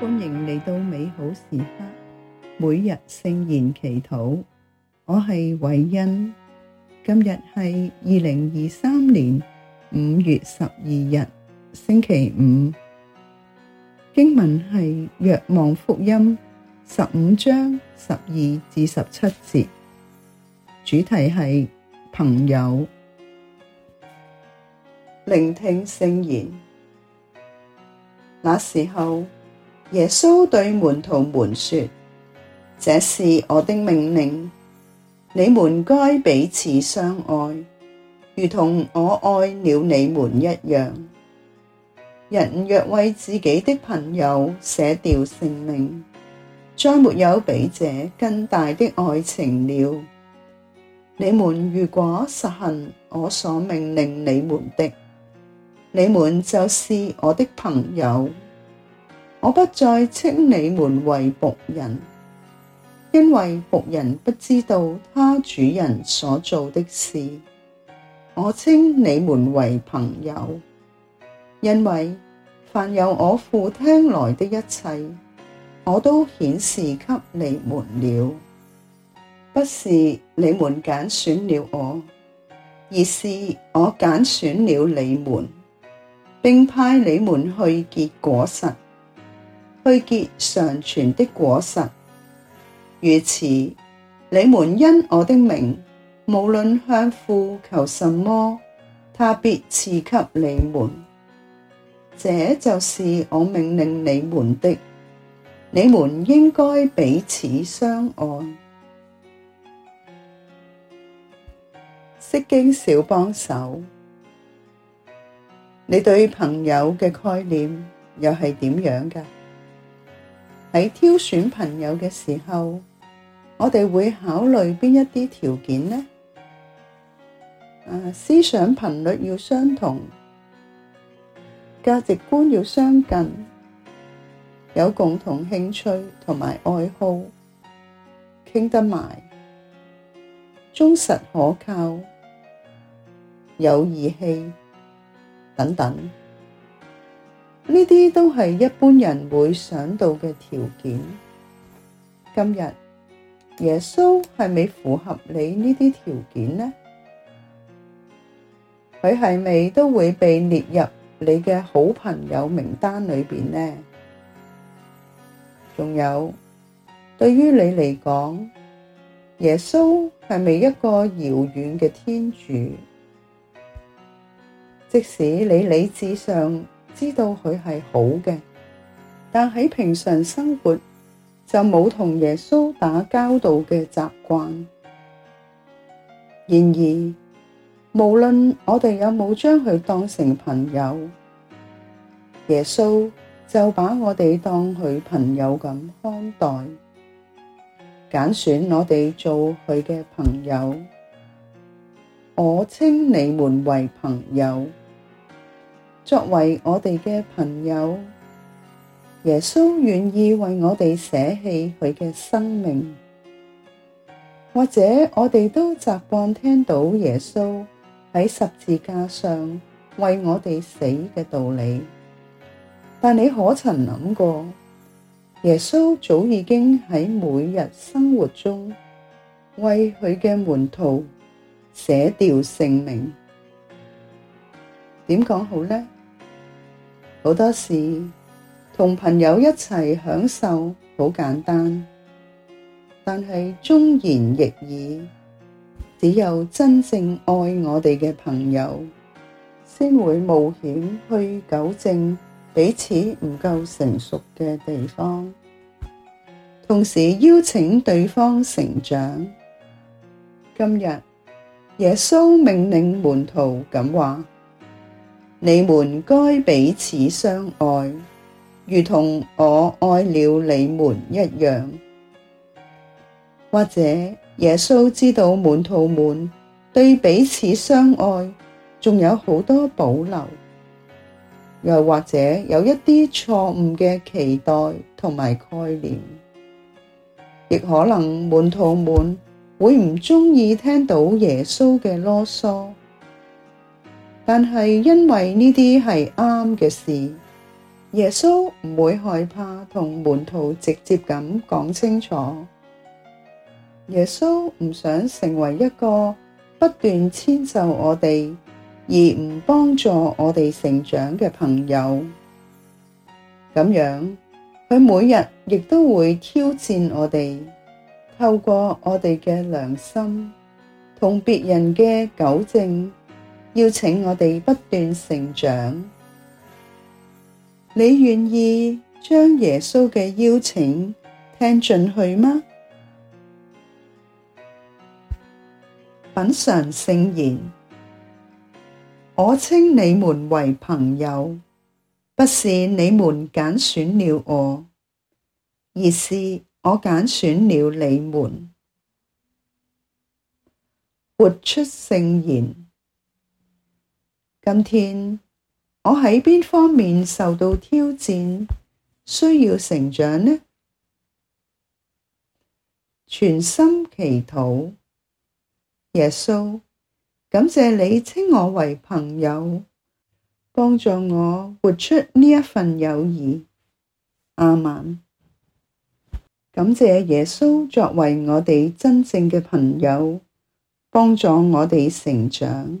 歡迎嚟到美好時刻，每日聖言祈禱。我係偉恩，今日係二零二三年五月十二日，星期五。經文係《若望福音》十五章十二至十七節，主題係朋友。聆聽聖言，那時候。耶穌對門徒們說：這是我的命令，你們該彼此相愛，如同我愛了你們一樣。人若為自己的朋友捨掉性命，再沒有比這更大的愛情了。你們如果實行我所命令你們的，你們就是我的朋友。我不再稱你們為僕人，因為僕人不知道他主人所做的事。我稱你們為朋友，因為凡由我父聽來的一切，我都顯示給你們了。不是你們揀選了我，而是我揀選了你們，並派你們去結果實。去結常存的果實。如此，你們因我的名，無論向父求什麼，他必賜給你們。這就是我命令你們的。你們應該彼此相愛。釋經小幫手，你對朋友嘅概念又係點樣㗎？喺挑選朋友嘅時候，我哋會考慮邊一啲條件呢？啊，思想頻率要相同，價值觀要相近，有共同興趣同埋愛好，傾得埋，忠實可靠，有義氣，等等。呢啲都係一般人會想到嘅條件。今日耶穌係咪符合你呢啲條件呢？佢係咪都會被列入你嘅好朋友名單裏邊呢？仲有，對於你嚟講，耶穌係咪一個遙遠嘅天主？即使你理智上，知道佢係好嘅，但喺平常生活就冇同耶穌打交道嘅習慣。然而，無論我哋有冇將佢當成朋友，耶穌就把我哋當佢朋友咁看待，揀選我哋做佢嘅朋友。我稱你們為朋友。作為我哋嘅朋友，耶穌願意為我哋捨棄佢嘅生命，或者我哋都習慣聽到耶穌喺十字架上為我哋死嘅道理。但你可曾諗過，耶穌早已經喺每日生活中為佢嘅門徒捨掉性命。點講好咧？好多事同朋友一齊享受好簡單，但係忠言逆耳。只有真正愛我哋嘅朋友，先會冒險去糾正彼此唔夠成熟嘅地方，同時邀請對方成長。今日耶穌命令門徒咁話。你們該彼此相愛，如同我愛了你們一樣。或者耶穌知道門徒們對彼此相愛仲有好多保留，又或者有一啲錯誤嘅期待同埋概念，亦可能門徒們會唔鍾意聽到耶穌嘅囉嗦。但係因為呢啲係啱嘅事，耶穌唔會害怕同門徒直接咁講清楚。耶穌唔想成為一個不斷遷就我哋而唔幫助我哋成長嘅朋友。咁樣，佢每日亦都會挑戰我哋，透過我哋嘅良心同別人嘅糾正。邀請我哋不斷成長。你願意將耶穌嘅邀請聽進去嗎？品嘗聖言，我稱你們為朋友，不是你們揀選了我，而是我揀選了你們。活出聖言。今天我喺邊方面受到挑戰，需要成長呢？全心祈禱。耶穌，感謝你稱我為朋友，幫助我活出呢一份友誼。阿們。感謝耶穌作為我哋真正嘅朋友，幫助我哋成長。